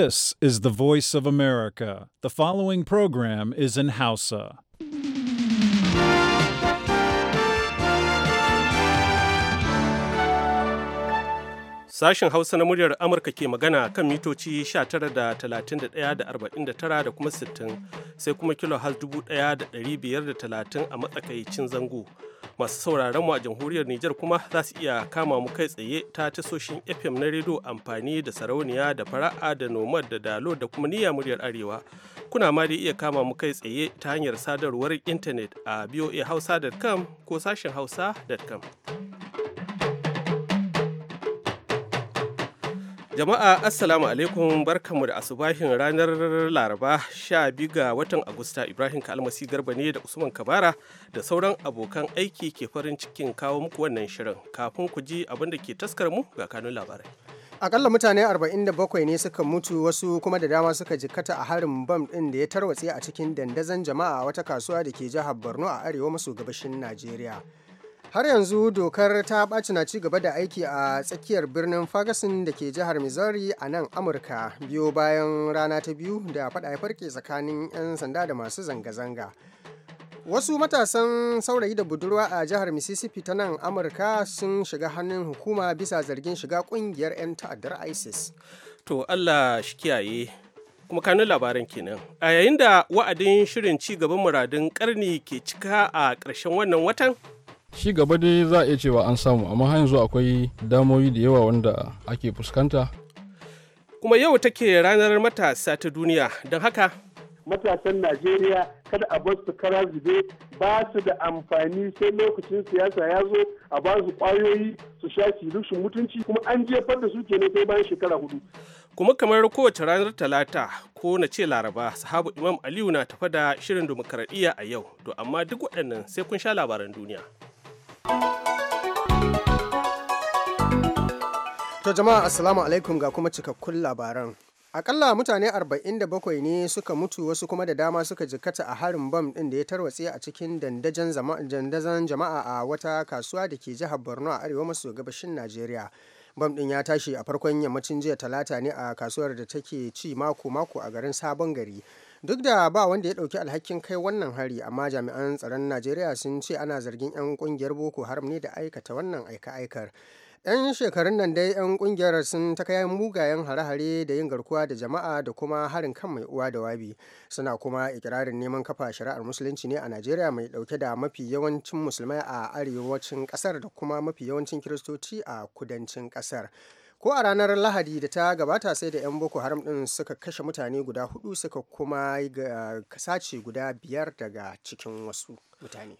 This is the voice of America. The following program is in Hausa. Sashen Hausa na muryar Amurka ke magana kan mitoci 19 da 31 da da kuma 60 sai kuma kilo 1530 a matsakaicin zango. masu sauraron mu a jamhuriyar Nijar kuma za su iya kama mu kai tsaye ta tasoshin FM na rediyo amfani da sarauniya da fara'a da nomad da dalo da kuma niyya muryar arewa. Kuna ma dai iya kama mu kai tsaye ta hanyar sadarwar intanet a boahausa.com ko sashen hausa.com. Jama'a Assalamu alaikum barkamu da asubahin ranar Laraba 12 ga watan Agusta Ibrahim Kalmasi Garba ne da Usman Kabara da sauran abokan aiki ke farin cikin kawo muku wannan shirin. Kafin ku ji abin da ke taskar mu ga kanun labarai. Akalla mutane 47 ne suka mutu wasu kuma da dama suka jikkata a harin bam ɗin da ya tarwatse a cikin dandazon jama'a wata kasuwa da ke jihar Borno a arewa maso gabashin Najeriya. har yanzu dokar ta ɓaci na gaba da aiki a tsakiyar birnin ferguson da ke jihar missouri a nan amurka biyo bayan rana ta biyu da faɗa ya farke tsakanin 'yan sanda da masu zanga-zanga wasu matasan saurayi da budurwa a jihar mississippi ta nan amurka sun shiga hannun hukuma bisa zargin shiga kungiyar 'yan ta'addar isis to allah shi kiyaye kuma kanun labaran kenan a yayin da wa'adin shirin ci gaban muradun karni ke cika a ƙarshen wannan watan shi gaba dai za a iya cewa an samu amma har yanzu akwai damoyi da yawa wanda ake fuskanta kuma yau take ranar matasa ta duniya don haka matasan najeriya kada a bar su kara zube ba su da amfani sai lokacin siyasa ya zo a ba su kwayoyi su sha rushin mutunci kuma an jefar da su kenan sai bayan shekara hudu kuma kamar kowace ranar talata ko na ce laraba sahabu imam aliyu na tafa da shirin dimokuraɗiyya a yau to amma duk waɗannan sai kun sha labaran duniya. To jama'a assalamu alaikum ga kuma cikakkun labaran. Akalla mutane 47 ne suka mutu wasu kuma da dama suka jikkata a harin bam ɗin da ya tarwatse a cikin dandazon jama'a a wata kasuwa da ke jihar Borno a arewa maso gabashin Najeriya. bam din ya tashi a farkon yammacin jiya talata ne a kasuwar da take ci mako mako a garin sabon gari duk da ba wanda ya ɗauki alhakin kai wannan hari amma jami'an tsaron najeriya sun ce ana zargin 'yan kungiyar boko haram ne da aikata wannan aika-aikar 'yan shekarun nan dai 'yan kungiyar sun ta kai mugayen hare-hare da yin garkuwa da jama'a da kuma harin kan mai uwa da wabi suna kuma ikirarin neman kafa shari'ar musulunci ne a najeriya mai dauke da mafi yawancin musulmai a arewacin kasar da kuma mafi yawancin kiristoci a kudancin kasar ko a ranar lahadi da ta gabata sai da 'yan boko haram din suka kashe mutane guda hudu suka kuma sace guda biyar daga cikin wasu mutane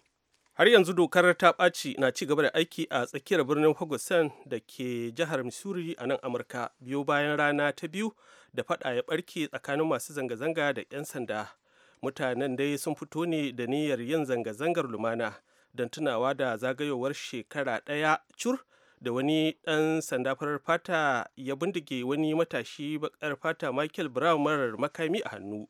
har yanzu dokar ta ɓaci na ci gaba da aiki a tsakiyar birnin Ferguson da ke jihar Missouri a nan Amurka biyu bayan rana ta biyu da fada ya barke tsakanin masu zanga-zanga da 'yan sanda. Mutanen dai sun fito ne da niyyar yin zanga-zangar lumana don tunawa da zagayowar shekara ɗaya cur da wani ɗan sanda farar fata ya bindige wani matashi baƙar fata michael brown marar makami a hannu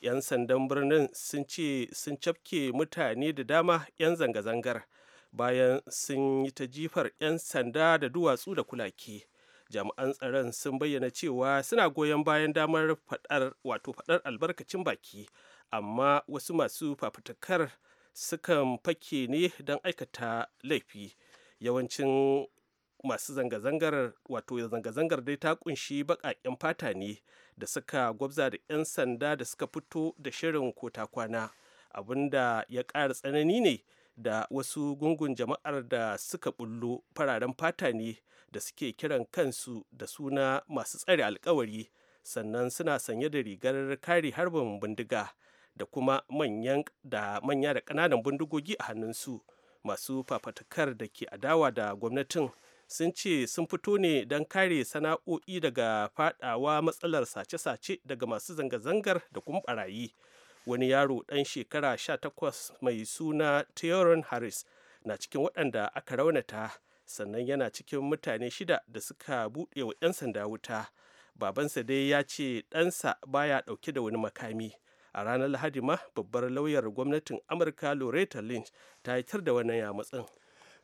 'yan sandan birnin sun ce sun cafke mutane da dama 'yan zanga-zangar bayan sun yi ta jifar 'yan sanda da duwatsu da kulaki jami'an tsaron sun bayyana cewa suna goyon bayan damar fadar wato fadar albarkacin baki amma wasu masu fafutukar sukan fake ne don aikata laifi yawancin masu zanga-zangar wato zanga-zangar dai ta kunshi baƙaƙen fata ne da suka gwabza da 'yan sanda da suka fito da shirin kota kwana abinda ya ƙara tsanani ne da wasu gungun jama'ar da suka bullo fararen fata ne da suke kiran kansu da suna masu tsare alkawari sannan suna sanye da rigar kare harbin bindiga da kuma manyan da manya da ƙananan bindigogi a hannunsu masu fafatakar da ke adawa da gwamnatin sun ce sun fito ne don kare sana'o'i daga fadawa matsalar sace-sace daga masu zanga-zangar da kuma barayi wani yaro ɗan shekara 18 mai suna theoron harris na cikin waɗanda aka raunata sannan yana cikin mutane shida da suka buɗe wa 'yan sanda wuta babansa dai ya ce ɗansa baya ɗauke da wani makami a ranar lahadi ma babbar lauyar gwamnatin amurka loretta lynch ta tar da wannan yamatsin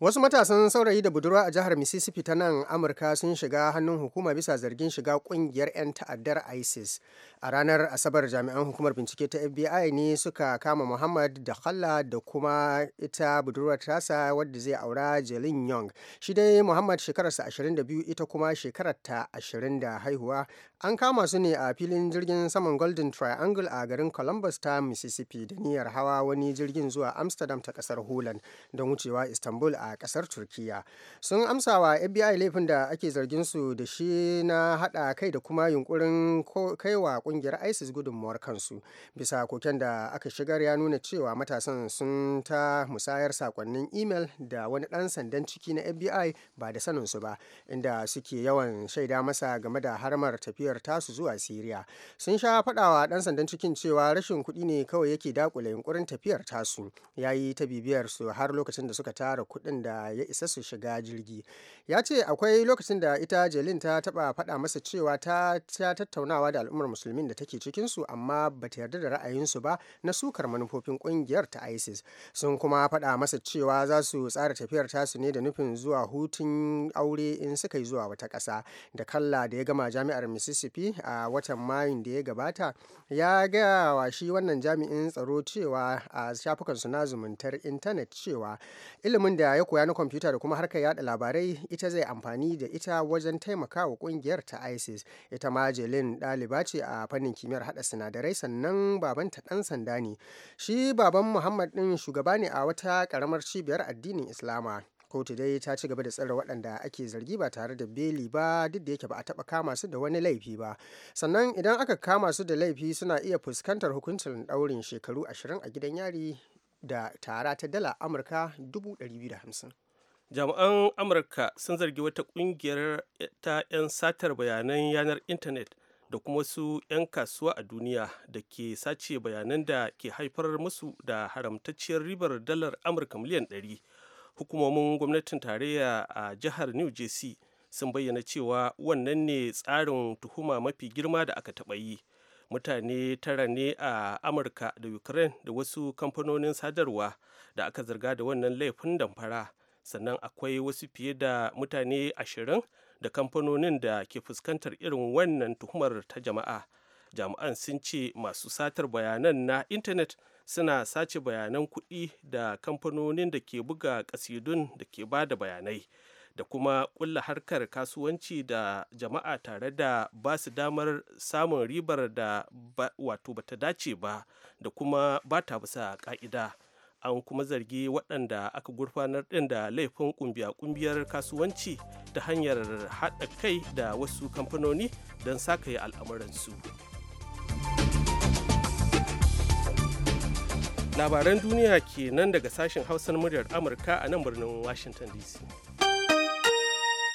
Wasu matasan saurayi da budurwa a jihar Mississippi ta nan Amurka sun shiga hannun hukuma bisa zargin shiga kungiyar 'yan ta'addar ISIS. A ranar Asabar jami'an hukumar bincike ta FBI ne suka kama Muhammad da Khalla da kuma ita budurwa tasa wadda zai aura Jelin Young. Shi dai Muhammad shekararsa 22 ita kuma shekarar ta 20 da haihuwa. An kama su ne a filin jirgin saman Golden Triangle a garin Columbus ta Mississippi da niyyar hawa wani jirgin zuwa Amsterdam ta kasar Holland don wucewa Istanbul a a kasar turkiya sun amsawa wa fbi laifin da ake zargin su da shi na hada kai da kuma yunkurin kaiwa kungiyar isis gudunmuwar kansu bisa koken da aka shigar ya nuna cewa matasan sun ta musayar sakonnin imel da wani dan sandan ciki na fbi ba da sanin su ba inda suke yawan shaida masa game da harmar tafiyar tasu zuwa siriya sun sha faɗawa dan sandan cikin cewa rashin kuɗi ne kawai yake dakule yunkurin tafiyar tasu ya yi ta bibiyar su har lokacin da suka tara kuɗin da ya isa su shiga jirgi ya ce akwai lokacin da ita jelin ta taba faɗa masa cewa ta tattaunawa da al'ummar musulmin da take cikinsu amma ba ta yarda da ra'ayinsu ba na sukar manufofin ƙungiyar ta isis sun kuma faɗa masa cewa za su tsara tafiyar tasu ne da nufin zuwa hutun aure in suka yi zuwa wata ƙasa da kalla da ya gama jami'ar mississippi a watan mayun da ya gabata ya gaya shi wannan jami'in tsaro cewa a shafukansu na zumuntar intanet cewa ilimin da ya koya na kwamfuta da kuma harkar yada labarai ita zai amfani da ita wajen taimakawa kungiyar ta isis ita ma jelin ɗaliba ce a fannin kimiyyar hada sinadarai sannan baban ta ɗan sanda ne shi baban muhammad ɗin shugaba ne a wata karamar cibiyar addinin islama kotu dai ta ci gaba da tsare waɗanda ake zargi ba tare da beli ba duk da yake ba a taɓa kama su da wani laifi ba sannan idan aka kama su da laifi suna iya fuskantar hukuncin ɗaurin shekaru ashirin a gidan yari da tara ta dala amurka 250 jami'an amurka sun zargi wata kungiyar ta 'yan satar bayanan yanar intanet da kuma su 'yan kasuwa a duniya da ke sace bayanan da ke haifar musu da haramtacciyar ribar dalar amurka miliyan 100 hukumomin gwamnatin tarayya a jihar new jersey sun bayyana cewa wannan ne tsarin tuhuma mafi girma da aka taɓa yi mutane tara ne a amurka da ukraine da wasu kamfanonin sadarwa da aka zarga da wannan laifin damfara sannan akwai wasu fiye da mutane ashirin da kamfanonin da ke fuskantar irin wannan tuhumar ta jama'a jami'an sun ce masu satar bayanan na intanet suna sace bayanan kuɗi da kamfanonin da ke buga ƙasidun da ke ba da bayanai da kuma kulla harkar kasuwanci da jama'a tare da ba su damar samun ribar da wato bata dace ba da kuma ba ta bisa ka'ida an kuma zargi waɗanda aka gurfanar ɗin da laifin ƙungiya-ƙumbiyar kasuwanci ta hanyar haɗa kai da wasu kamfanoni don sakayi al'amuransu labaran duniya ke nan daga sashen hausan muryar amurka a nan birnin washington dc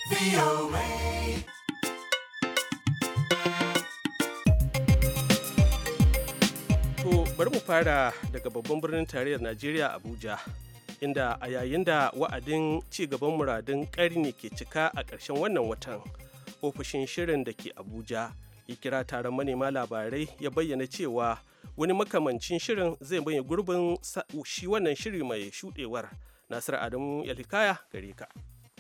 To bari mu fara daga babban birnin tarayyar Najeriya Abuja. Inda a yayin da wa'adin ci gaban muradun ƙarni ke cika a ƙarshen wannan watan, ofishin shirin da ke Abuja ya kira taron manema labarai ya bayyana cewa wani makamancin shirin zai bayyana gurbin shi wannan shiri mai shuɗewar. Nasiru Adamu Yalikaya gare ka.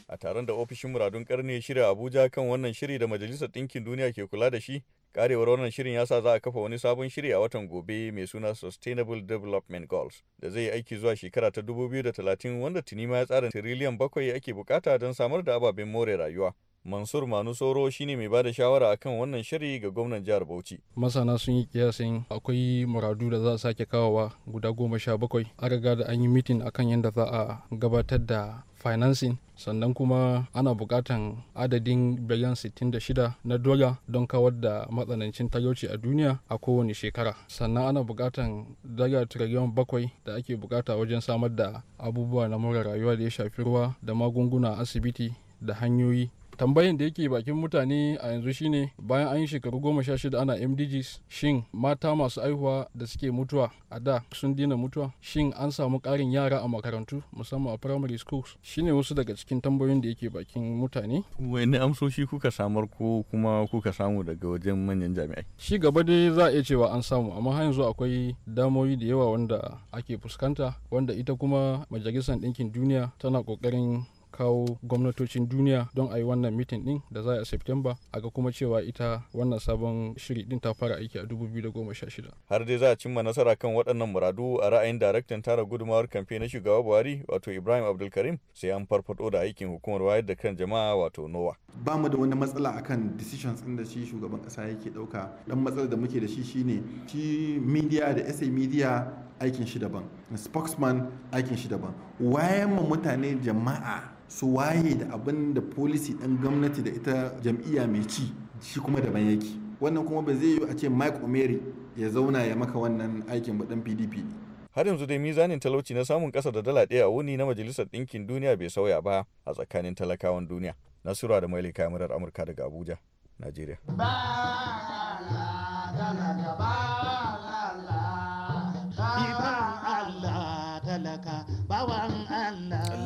a taron da ofishin muradun karni ya shirya abuja kan wannan shiri da majalisar ɗinkin duniya ke kula da shi karewar wannan shirin ya sa za a kafa wani sabon shiri a watan gobe mai suna sustainable development goals da zai aiki zuwa shekara ta 2030 wanda tuni ma ya tsara tiriliyan bakwai ake bukata don samar da ababen more rayuwa Mansur Manu Soro shine mai bada shawara akan wannan shiri ga gwamnan jihar Bauchi. Masana sun yi kiyasin akwai muradu da za a sake kawowa guda goma sha bakwai. a riga da an yi mitin akan yadda za a gabatar da financing sannan kuma ana bukatan adadin biliyan 66 na dola don kawar da matsanancin talauci a duniya a kowane shekara sannan ana bukatan dala triliyan bakwai da ake bukata wajen samar da abubuwa na mura rayuwa da ya shafi ruwa da magunguna asibiti da hanyoyi tambayin da yake bakin mutane a yanzu shine bayan an yi shekaru goma sha shida ana mdgs shin mata masu aihuwa da suke mutuwa a da sun dina mutuwa shin an samu karin yara a makarantu musamman a primary schools shine wasu daga cikin tambayoyin da yake bakin mutane wani amsoshi kuka samar ko kuma kuka samu daga wajen manyan jami'ai shi gaba dai za a iya cewa an samu amma har yanzu akwai damoyi da yawa wanda ake fuskanta wanda ita kuma majalisar ɗinkin duniya tana ƙoƙarin kawo gwamnatocin duniya don a yi wannan mitin din da za a september a ga kuma cewa ita wannan sabon shiri din ta fara aiki a 2016 har dai za a cimma nasara kan waɗannan muradu a ra'ayin daraktan tara gudumawar kamfe na shugaba buhari wato ibrahim abdulkarim sai an farfado da aikin hukumar wayar da kan jama'a wato nowa ba mu da wani matsala akan decisions din da shi shugaban kasa yake dauka dan matsalar da muke da shi shine shi media da sa media aikin shi daban spokesman aikin shi daban wayan mutane jama'a su waye da abin da policy ɗin gwamnati da ita jam'iyya mai ci shi kuma da yake wannan kuma ba zai yi a ce mike omeri ya zauna ya maka wannan aikin ba dan pdp har yanzu dai mizanin talauci na samun ƙasa da dala ɗaya a wuni na majalisar ɗinkin duniya bai sauya ba a tsakanin talakawan duniya nasura da maili kamarar amurka daga abuja najeriya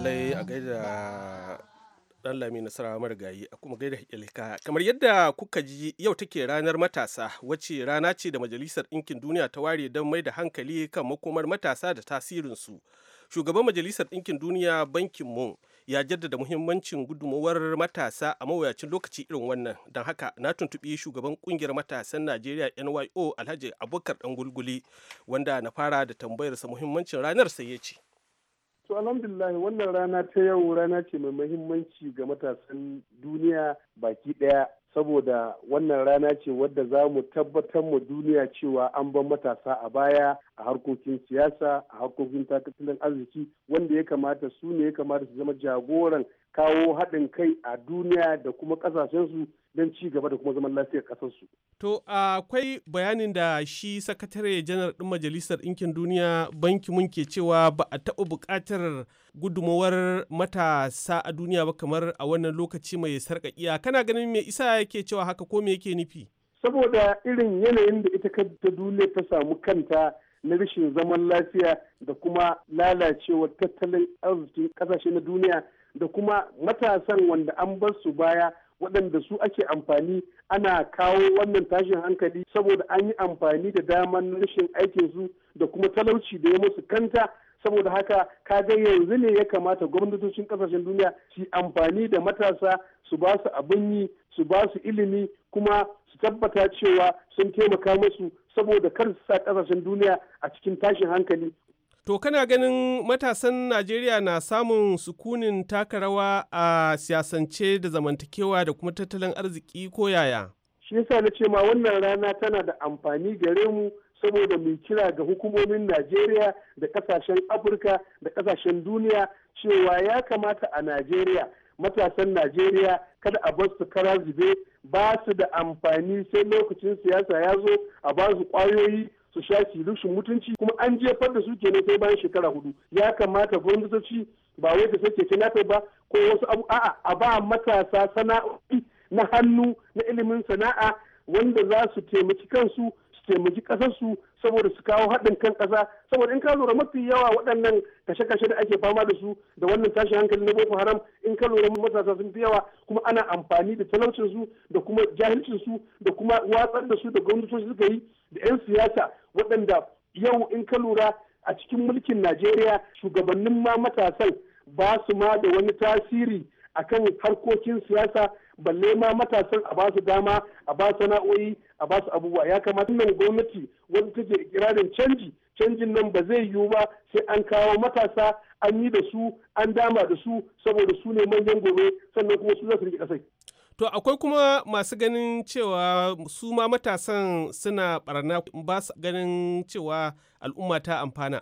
lallai a gaida dan lami nasara marigayi a kuma gaida ilka kamar yadda kuka ji yau take ranar matasa wacce rana ce da majalisar ɗinkin duniya ta ware don mai da hankali kan makomar matasa da tasirinsu shugaban majalisar ɗinkin duniya bankin mun ya jaddada muhimmancin gudunmawar matasa a mawuyacin lokaci irin wannan don haka na tuntuɓi shugaban ƙungiyar matasan najeriya nyo alhaji abubakar dan gulguli wanda na fara da tambayarsa muhimmancin ranar sai ya ce To alhamdulillah wannan rana ta yau rana ce mai muhimmanci ga matasan duniya baki ɗaya saboda wannan rana ce wadda za mu tabbatar mu duniya cewa an ban matasa a baya a harkokin siyasa a harkokin tattalin arziki wanda ya kamata su ne ya kamata su zama jagoran kawo haɗin kai a duniya da kuma ƙasashensu don ci gaba da kuma zaman lafiyar ƙasarsu. To akwai bayanin da shi sakatare janar ɗin majalisar ɗinkin duniya banki mun ke cewa ba a taɓa buƙatar gudumawar matasa a duniya ba kamar a wannan lokaci mai sarƙaƙiya. Kana ganin me isa yake cewa haka ko me yake nufi? Saboda irin yanayin da ita ta duniya ta samu kanta na rashin zaman lafiya da kuma lalacewar tattalin arzikin ƙasashe na duniya da kuma matasan wanda an bar su baya waɗanda su ake amfani ana kawo wannan tashin hankali saboda an yi amfani da daman rashin aikinsu da kuma talauci da ya musu kanta saboda haka ka kaga yanzu ne ya kamata gwamnatocin ƙasashen duniya su amfani da matasa su ba su abin yi su ba su ilimi kuma su tabbata cewa sun taimaka musu saboda kar su sa kasashen duniya a cikin tashin hankali To kana ganin matasan Najeriya na samun sukunin taka rawa a siyasance da zamantakewa da kuma tattalin arziki ko yaya? Shi yasa na ce ma wannan rana tana da amfani gare mu saboda mu kira ga hukumomin Najeriya da kasashen Afirka da kasashen duniya cewa ya kamata a Najeriya matasan Najeriya kada a bar su kara zube ba su da amfani sai lokacin siyasa ya zo a ba su kwayoyi su shaki rushin mutunci kuma an jefar da su kenan sai bayan shekara hudu ya kamata gwamnatoci ba wai ta sake kinafe ba ko wasu abu a'a a ba matasa sana'o'i na hannu na ilimin sana'a wanda za su taimaki kansu su taimaki kasarsu saboda su kawo haɗin kan ƙasa saboda in ka lura mafi yawa waɗannan kashe-kashe da ake fama da su da wannan tashi hankali na boko haram in ka lura matasa sun fi yawa kuma ana amfani da talaucin su da kuma jahilcin da kuma watsar da su da gwamnatoci suka yi da 'yan siyasa waɗanda yau in ka lura a cikin mulkin najeriya shugabannin ma matasan ba su ma da wani tasiri a kan harkokin siyasa balle ma matasan a ba su dama a ba sana'o'i a ba su abubuwa ya kamata nan gwamnati wanda take ikirarin canji canjin nan ba zai yiwu ba sai an kawo matasa an yi da su an dama da su saboda su ne manyan gobe sannan kuma su za su rike kasai To akwai kuma masu ganin cewa su ma matasan suna barna ba su ganin cewa al'umma ta amfana.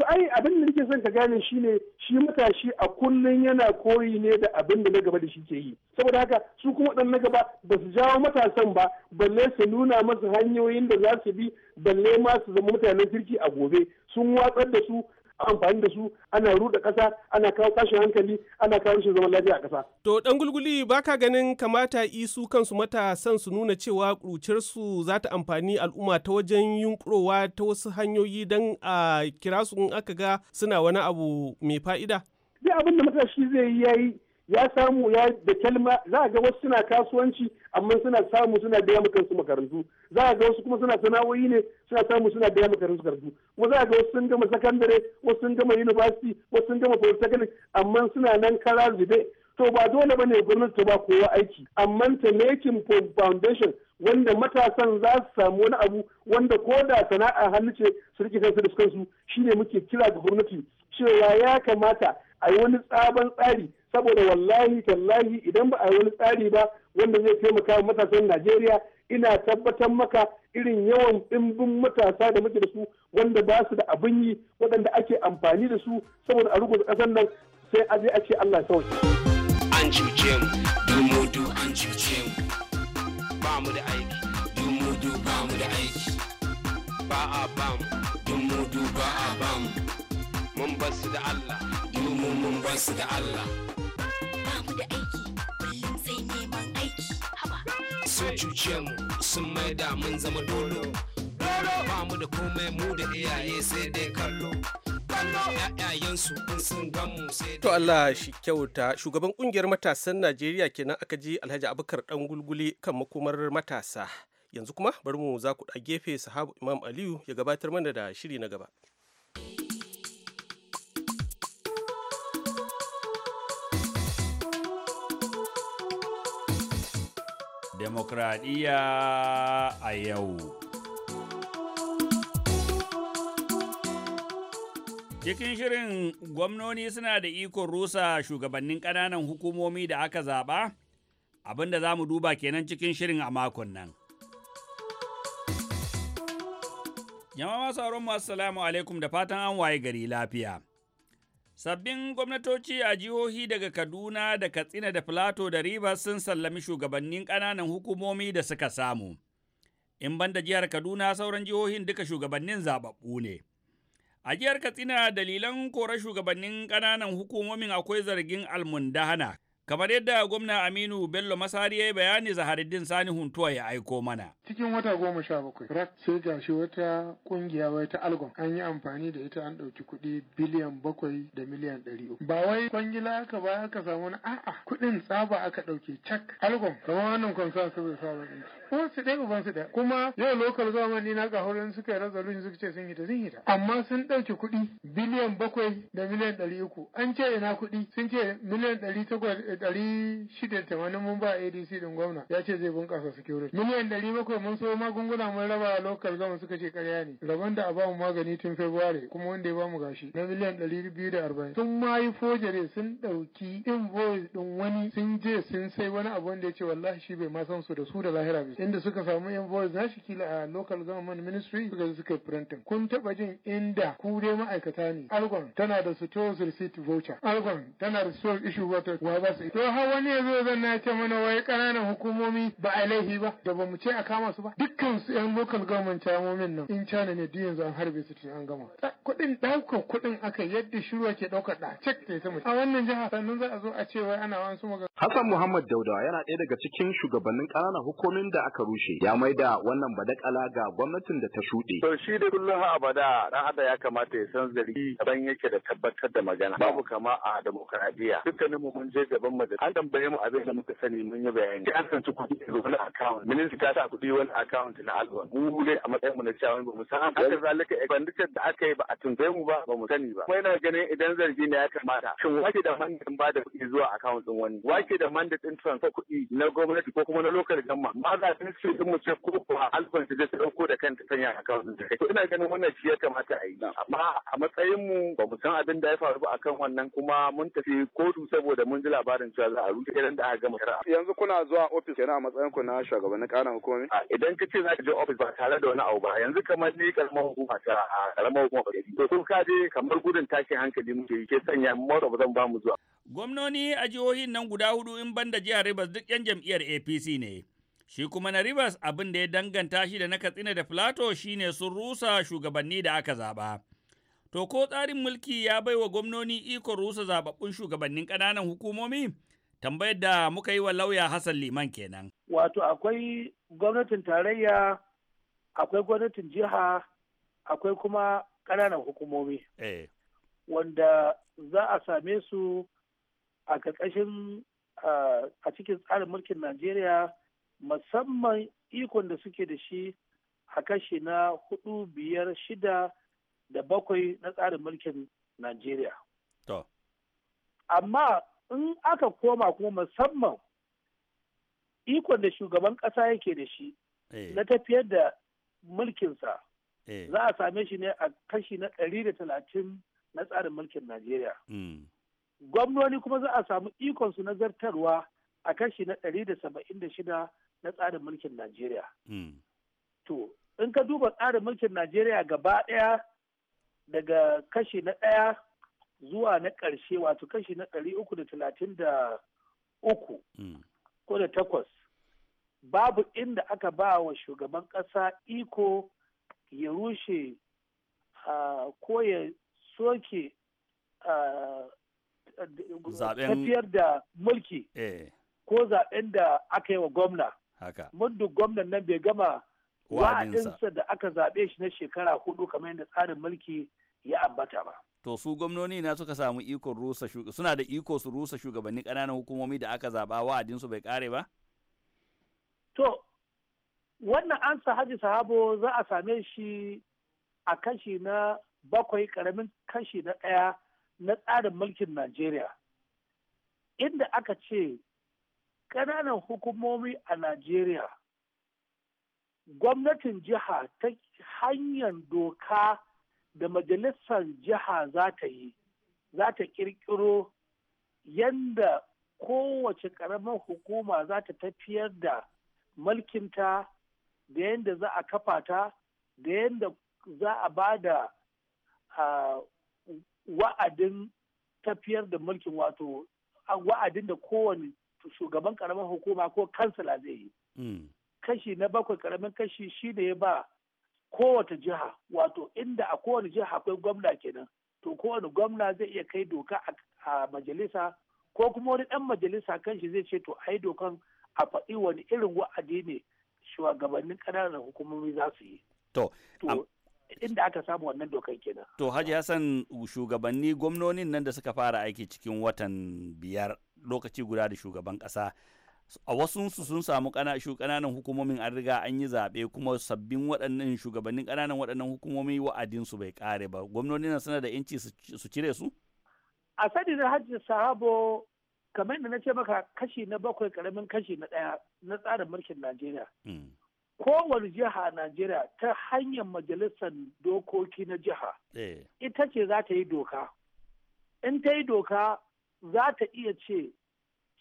To ai abin da nake son ka gane shi ne shi matashi a kullum yana koyi ne da abin da na gaba da shi ke yi. Saboda haka su kuma ɗan na gaba ba su jawo matasan ba balle su nuna masu hanyoyin da za su bi balle ma su zama mutanen kirki a gobe sun watsar da su amfani da su ana ruɗa kasa ana kawo tashin hankali ana kawo rashin zaman lafiya a ƙasa. To dan gulguli baka ganin kamata isu kansu mata matasan su nuna cewa su za ta amfani al'umma ta wajen yunkurowa ta wasu hanyoyi don a kira su in aka ga suna wani abu mai fa'ida. Dai abin da matashi zai yi yayi ya samu ya da kalma za a ga wasu suna kasuwanci amma suna samu suna biya mu kansu makarantu za a ga wasu kuma suna sana'o'i ne suna samu suna biya mu kansu makarantu kuma za a ga wasu sun gama sakandare wasu sun gama university wasu sun gama polytechnic amma suna nan kara zube to ba dole bane gwamnati ta ba kowa aiki amma ta making foundation wanda matasan za su samu wani abu wanda ko da sana'a hannu ce su rike kansu da kansu shine muke kira ga gwamnati cewa ya kamata a yi wani tsaban tsari saboda wallahi tallahi idan ba a yi wani tsari ba wanda zai taimaka wa matasan Najeriya ina tabbatar maka irin yawan ɗimbin matasa da muke da su wanda ba su da abin yi waɗanda ake amfani da su saboda a rugu ƙasar nan sai a je a ce Allah sauki. An cuce mu, du an cuce mu, ba mu da aiki, du ba mu da aiki, ba a ba mu, du ba a ba mu, mun su da Allah. mun mun mun da Allah. Ba mu da aiki kullum sai neman aiki Sun cuce mu sun maida mun zama dolo. ba mu da komai mu da iyaye sai dai kallo. To Allah shi kyauta shugaban kungiyar matasan Najeriya kenan aka ji Alhaji Abubakar dan gulguli kan makomar matasa. Yanzu kuma bari mu za ku gefe sahabu Imam Aliyu ya gabatar mana da shiri na gaba. demokradiyya a yau. Cikin shirin gwamnoni suna da ikon rusa shugabannin ƙananan hukumomi da aka zaɓa, abinda da za mu duba kenan cikin shirin a makon nan. Jama'a masu masu salamu alaikum da fatan an waye gari lafiya. Sabbin gwamnatoci a jihohi daga Kaduna da Katsina da Filato da Rivers sun sallami shugabannin ƙananan hukumomi da suka samu. In banda jihar Kaduna sauran jihohin duka shugabannin zaɓaɓɓu ne. A jihar Katsina dalilan korar shugabannin ƙananan hukumomin akwai zargin almundahana, Kamar yadda gwamna Aminu Bello Masari ya yi bayani zahariddin Sani Huntuwa ya aiko mana. Cikin wata goma sha bakwai, rak sai shi wata kungiya wai ta Algon an yi amfani da ita an ɗauki kuɗi biliyan bakwai da miliyan ɗari uku. Ba wai kwangila aka ba aka samu na a'a kuɗin tsaba aka ɗauke cak. Algon kamar wannan kwansa saboda sabon uwan su ɗaya uban su ɗaya kuma yau lokal zamani na ga suka yi razalin suka ce sun hita sun hita amma sun ɗauki kuɗi biliyan bakwai da miliyan ɗari uku an ce ina kuɗi sun ce miliyan ɗari takwas eh, ɗari shida da tamanin mun ba ADC din gwamna ya ce zai bunƙasa security miliyan ɗari bakwai mun so magunguna mun raba lokal gama suka ce ƙarya ne rabon da a ba mu magani tun February kuma wanda ya ba mu gashi na miliyan ɗari biyu da arba'in sun ma yi fojere sun ɗauki invoice ɗin wani sun je sun sai wani abu wanda ya ce wallahi shi bai ma san su da su da lahira bai inda suka samu yan boys na shi kila a local government ministry suka suka printing kun taba jin inda ku dai ma'aikata ne algon tana da stores receipt voucher algon tana da stores issue voucher wa ba su to ha wani ya zo zan na ce mana wai kananan hukumomi ba a laifi ba da ba mu ce a kama su ba dukkan su yan local government chairmomin nan in cana ne duk yanzu an harbe su tun an gama kuɗin ɗaukar kuɗin aka yadda shirwa ke ɗaukar ɗa cek ta mutum a wannan jiha sannan za a zo a ce wai ana wasu magana Hassan Muhammad Dauda yana ɗaya daga cikin shugabannin ƙananan hukumomin da aka rushe ya maida wannan badakala ga gwamnatin da ta shuɗe. To shi da kullum abada dan adam ya kamata ya san zargi ban yake da tabbatar da magana babu kama a demokradiyya dukkanin mu mun je gaban majalisa an tambaye mu abin da muka sani mun yi bayani an san kuɗi daga wani account minista ta sa kuɗi wani account na alwan mu dai a matsayin mu na cewa ba mu san haka zalika expenditure da aka yi ba a tunzai mu ba ba mu sani ba kuma yana ganin idan zargi ne ya kamata shin wake da mandatin ba da kuɗi zuwa account din wani wake da mandatin transfer kuɗi na gwamnati ko kuma na local gamma ma za administration din mu ce ko kuma alfan ta ta dauko da kanta sanya account da kai to ina ganin wannan shi ya kamata a yi amma a matsayin mu ba mu san abin da ya faru ba akan wannan kuma mun tafi kotu saboda mun ji labarin cewa za a rufe idan da aka gama shari'a yanzu kuna zuwa office kenan a matsayin ku na shugabannin ƙananan hukumomi idan ka ce za ka je ofis, ba tare da wani abu ba yanzu kamar ni karamar hukuma ta karamar hukuma to kun ka je kamar gudun tashin hankali ke yi ke sanya mu ba zan ba mu zuwa gwamnoni a jihohin nan guda hudu in banda jihar Rivers duk 'yan jam'iyyar APC ne. Shi kuma na Rivers abin da ya danganta shi da na Katsina da shi shine sun rusa shugabanni da aka zaba To ko tsarin mulki ya bai wa gwamnoni iko rusa zababbun shugabannin ƙananan hukumomi? Tambayar da muka yi wa lauya Hassan Liman kenan. Wato akwai gwamnatin tarayya, akwai gwamnatin jiha, akwai kuma ƙananan hukumomi. Eh. Wanda za a same su a ƙarƙashin a cikin tsarin mulkin Najeriya musamman ikon da suke da shi a kashi na hudu biyar shida da bakwai na tsarin mulkin Najeriya. Amma in aka koma kuma musamman ikon da shugaban ƙasa yake da shi eh. na tafiyar da mulkinsa eh. za a same shi ne a kashi na ɗari da talatin na tsarin mulkin Najeriya. Hmm. Gwamnoni kuma za a samu ikonsu na zartarwa a kashi na ɗari da saba'in da shida na tsarin mulkin Najeriya. Hmm. To, in ka duba tsarin mulkin Najeriya gaba ɗaya daga kashi na ɗaya zuwa na ƙarshe wato kashi na ɗari uku da talatin da uku hmm. ko da takwas babu inda aka ba wa shugaban ƙasa iko ya rushe ko ya soke tafiyar da mulki eh. ko zaɓen da aka yi wa gwamna haka muddin gwamnan nan bai gama wa'adinsa da aka zaɓe shi na shekara hudu kamar yadda tsarin mulki ya ambata ba to su gwamnoni na suka samu ikon rusa suna da iko su rusa shugabanni ƙananan hukumomi da aka zaɓa wa'adinsu bai ƙare ba to wannan an haji sahabo za a same shi a kashi na bakwai ƙaramin kashi na ɗaya na tsarin mulkin najeriya inda aka ce ƙananan hukumomi a Najeriya, gwamnatin jiha ta hanyar doka da majalisar jiha za ta yi, za ta ƙirƙiro yadda kowace ƙaramar hukuma za ta tafiyar da mulkinta da yadda za a kafa ta da yadda za a ba da wa'adin tafiyar da mulkin wato wa'adin da kowane shugaban karamin hukuma ko kansila zai yi mm. kashi na bakwai karamin kashi shi ne ya ba kowace jiha wato inda a kowane jiha akwai gwamna kenan to kowane gwamna zai iya kai doka a majalisa ko kuma wani dan majalisa kanshi zai ce to ai dokan a faɗi wani irin wa'adi ne shugabannin ƙananan hukumomi za su yi. To, inda aka samu wannan dokan kenan to Haji Hassan shugabanni gwamnonin nan da suka fara aiki cikin watan biyar lokaci guda da shugaban kasa a wasu sun samu kananan hukumomin an riga an yi zaɓe kuma sabbin waɗannan shugabannin kananan waɗannan hukumomi wa'adinsu bai kare ba gwamnoni na suna da yanci su cire su a sani da hajji sahabo kamar da na ce maka kashi na bakwai karamin kashi na ɗaya na tsarin mulkin najeriya hmm. kowane jiha a Najeriya ta hanyar majalisar dokoki na jiha eh. ita ce za ta yi doka. In ta yi doka za ta iya ce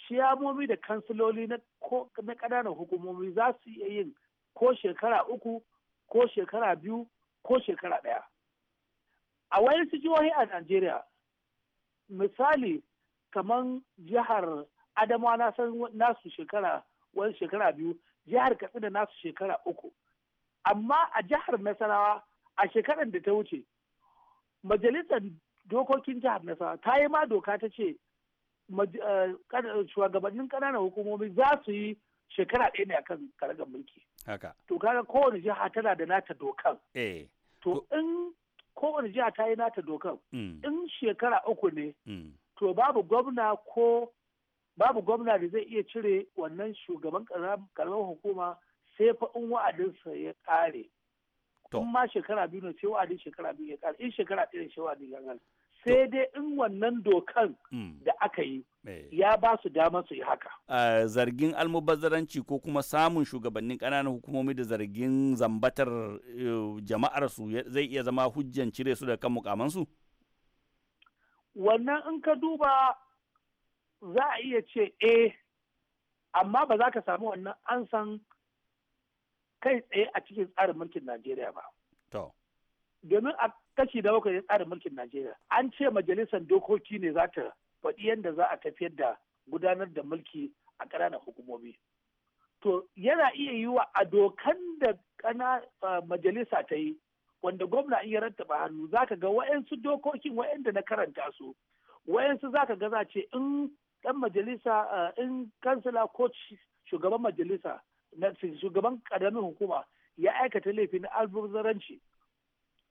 ciyamomi da kansiloli na ƙananan hukumomi za su iya yin ko shekara uku ko shekara biyu ko shekara ɗaya. A wayansu jihohi a Najeriya misali kamar jihar Adamawa na san nasu shekara wani shekara biyu jihar katsina nasu shekara uku amma a jihar nasarawa a shekarar da ta wuce majalisar dokokin jihar nasarawa ta yi ma doka ta ce eh, shugabannin ƙananan hukumomi za su yi shekara ɗaya ne akan karagar mulki Haka. to kaga kowane jiha tana da nata dokan eh. to in kowane jiha ta yi nata dokan mm. in shekara uku ne mm. to babu gwamna ko babu gwamna da zai iya cire wannan shugaban karamar hukuma sai fa in wa'adinsa ya kare in ma shekara biyu ne sai wa'adin shekara biyu ya kare in shekara ɗaya sai wa'adin ya kare sai dai in wannan dokan hmm. da aka yi eh. ya ba su dama su yi haka. Zargin almubazzaranci ko kuma samun shugabannin ƙananan hukumomi da zargin zambatar eh, jama'ar su zai iya zama hujjan cire su da kan mukamansu? Wannan in ka duba za a iya ce e, amma ba za ka samu wannan An san kai tsaye a cikin tsarin mulkin najeriya ba domin a kashi da bakwai tsarin mulkin najeriya an ce majalisar dokoki ne za ta faɗi yadda za a tafiyar da gudanar da mulki a ƙananan hukumomi to yana iya yi wa a dokan da majalisa ta yi wanda gwamna in ya rattaba hannu ka ga wa'yansu dokokin wa'yanda na karanta su wa'yansu ka ga za ce in ɗan majalisa eh, in kansila ko shugaban majalisa na shugaban ƙaramin hukuma ya aikata laifi na alburzaranci.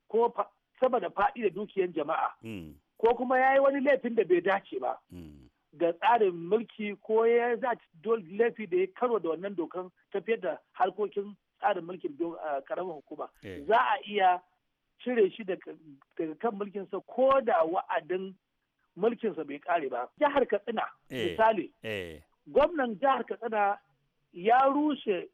ko da faɗi da dukiyan jama'a hmm. ko kuma ya yi wani laifin da bai dace ba hmm. ga tsarin mulki ko ya za laifi da ya karo da wannan dokan tafiyar da harkokin tsarin mulkin karamin eh, hukuma eh. za a iya cire shi daga kan mulkinsa ko da wa'adin mulkinsa bai kare ba jihar katsina eh, misali eh. gwamnan jihar katsina ya rushe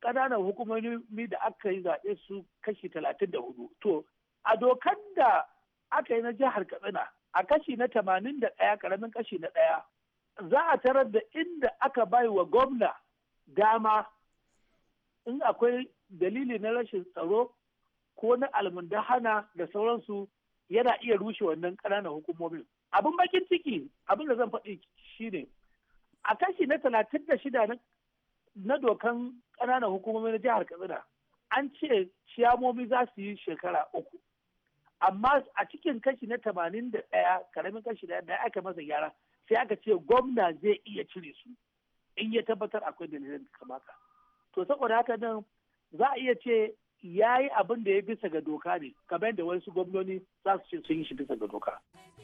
ƙananan hukumomi da aka yi zaɓe su kashi talatin da hudu to a dokan da aka yi na jihar katsina a kashi na tamanin da ɗaya ƙaramin kashi na ɗaya za a tarar da inda aka bai wa gwamna dama in akwai dalili na rashin tsaro ko na almundahana da sauransu yana iya rushe wannan ƙananan hukumomin abin bakin ciki abin da zan faɗi ne a kashi na talatin da shida na dokan ƙananan hukumomin na jihar katsina an ce ciyamomi za su yi shekara uku amma a cikin kashi na tamanin da ɗaya karamin kashi na ɗaya aka masa gyara sai aka ce gwamna zai iya cire su in ya tabbatar akwai dalilin kamata to saboda haka nan za a iya ce ya yi abin da ya bisa ga doka ne kamar da wasu gwamnoni za su ce sun yi shi bisa ga doka.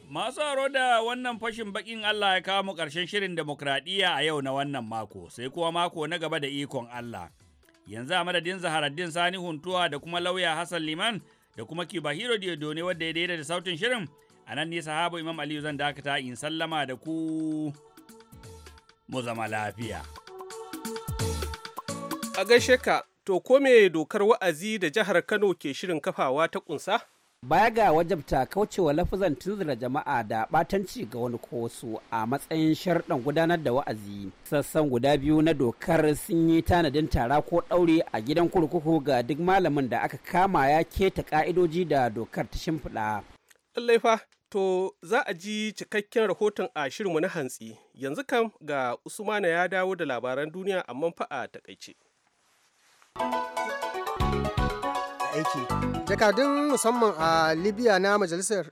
Masu haro da wannan fashin bakin Allah ya kawo mu ƙarshen shirin demokradiyya a yau na wannan mako sai kuma mako na gaba da ikon Allah. Yanzu a madadin Zaharaddin Sani Huntuwa da kuma lauya Hassan Liman da kuma Kiba Hiro ne wadda ya daida da sautin shirin a nan ne sahabu Imam Aliyu zan dakata in sallama da ku mu zama lafiya. A gaishe ka To ko me dokar wa'azi da jihar Kano ke shirin kafawa ta kunsa? Baya ga wajabta kaucewa lafazan tunzura jama'a da batanci ga wani ko a matsayin sharɗan gudanar da wa'azi. Sassan guda biyu na dokar sun yi tanadin tara ko ɗaure a gidan kurkuku ga duk malamin da aka kama ya keta ƙa'idoji da dokar ta shimfiɗa. Lallai to za a ji cikakken rahoton a shirinmu na hantsi. Yanzu kam ga Usmana ya dawo da labaran duniya amma fa a takaice. aiki jakadun musamman a libya na majalisar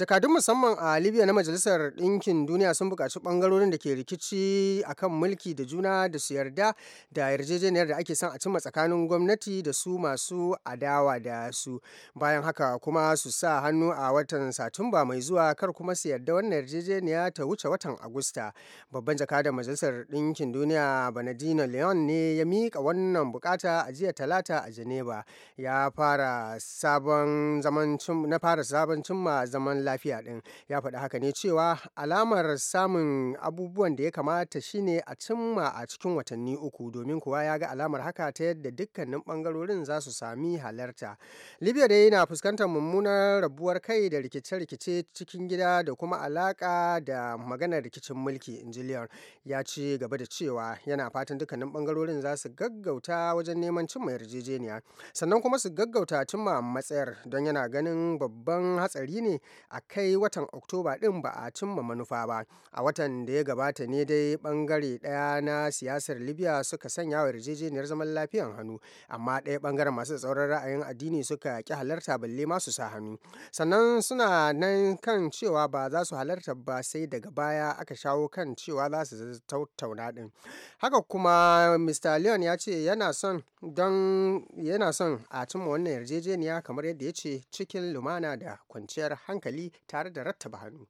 jakadun musamman a libya na majalisar ɗinkin duniya sun buƙaci ɓangarorin da ke rikici akan mulki da juna da su yarda da yarjejeniyar da ake son a cimma tsakanin gwamnati da su masu adawa da su bayan haka kuma su sa hannu a watan satumba mai zuwa kar kuma su yarda wannan yarjejeniya ta wuce watan agusta babban jakadan majalisar ɗinkin duniya banadino leon ne ya miƙa wannan buƙata a jiya talata a geneva ya fara sabon zaman na fara sabon cimma zaman lafiya din ya faɗi haka ne cewa alamar samun abubuwan da ya kamata shine a cimma a cikin watanni uku domin kuwa ya ga alamar haka ta yadda dukkanin bangarorin za su sami halarta libya dai na fuskantar mummunar rabuwar kai da rikice-rikice cikin gida da kuma alaka da maganar rikicin mulki injiliyar ya ci gaba da cewa yana fatan dukkanin bangarorin za su gaggauta wajen neman cimma yarjejeniya sannan kuma su gaggauta cimma matsayar don yana ganin babban hatsari ne a kai watan oktoba din ba a cimma manufa ba a watan da ya gabata ne dai bangare daya na siyasar libya suka sanya wa yarjejeniyar zaman lafiyan hannu amma ɗaya bangaren masu tsauran ra'ayin addini suka ki halarta balle masu sa hannu sannan suna nan kan cewa ba za su halarta ba sai daga baya aka shawo kan cewa za su tattauna din haka kuma mr leon ya ce yana son don yana son a cimma wannan yarjejeniya kamar yadda ya ce cikin lumana da kwanciyar hankali hankali tare da rattaba hannu.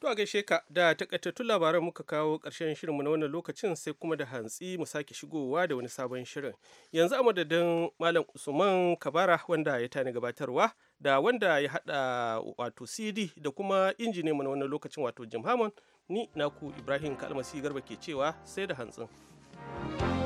To a gaishe ka da takaitattun labaran muka kawo ƙarshen shirinmu na wannan lokacin sai kuma da hantsi mu sake shigowa da wani sabon shirin. Yanzu a madadin Malam Usman Kabara wanda ya tani gabatarwa da wanda ya haɗa wato CD da kuma injini mu na wannan lokacin wato Jim Hammond ni naku Ibrahim Kalmasi Garba ke cewa sai da hantsin. thank you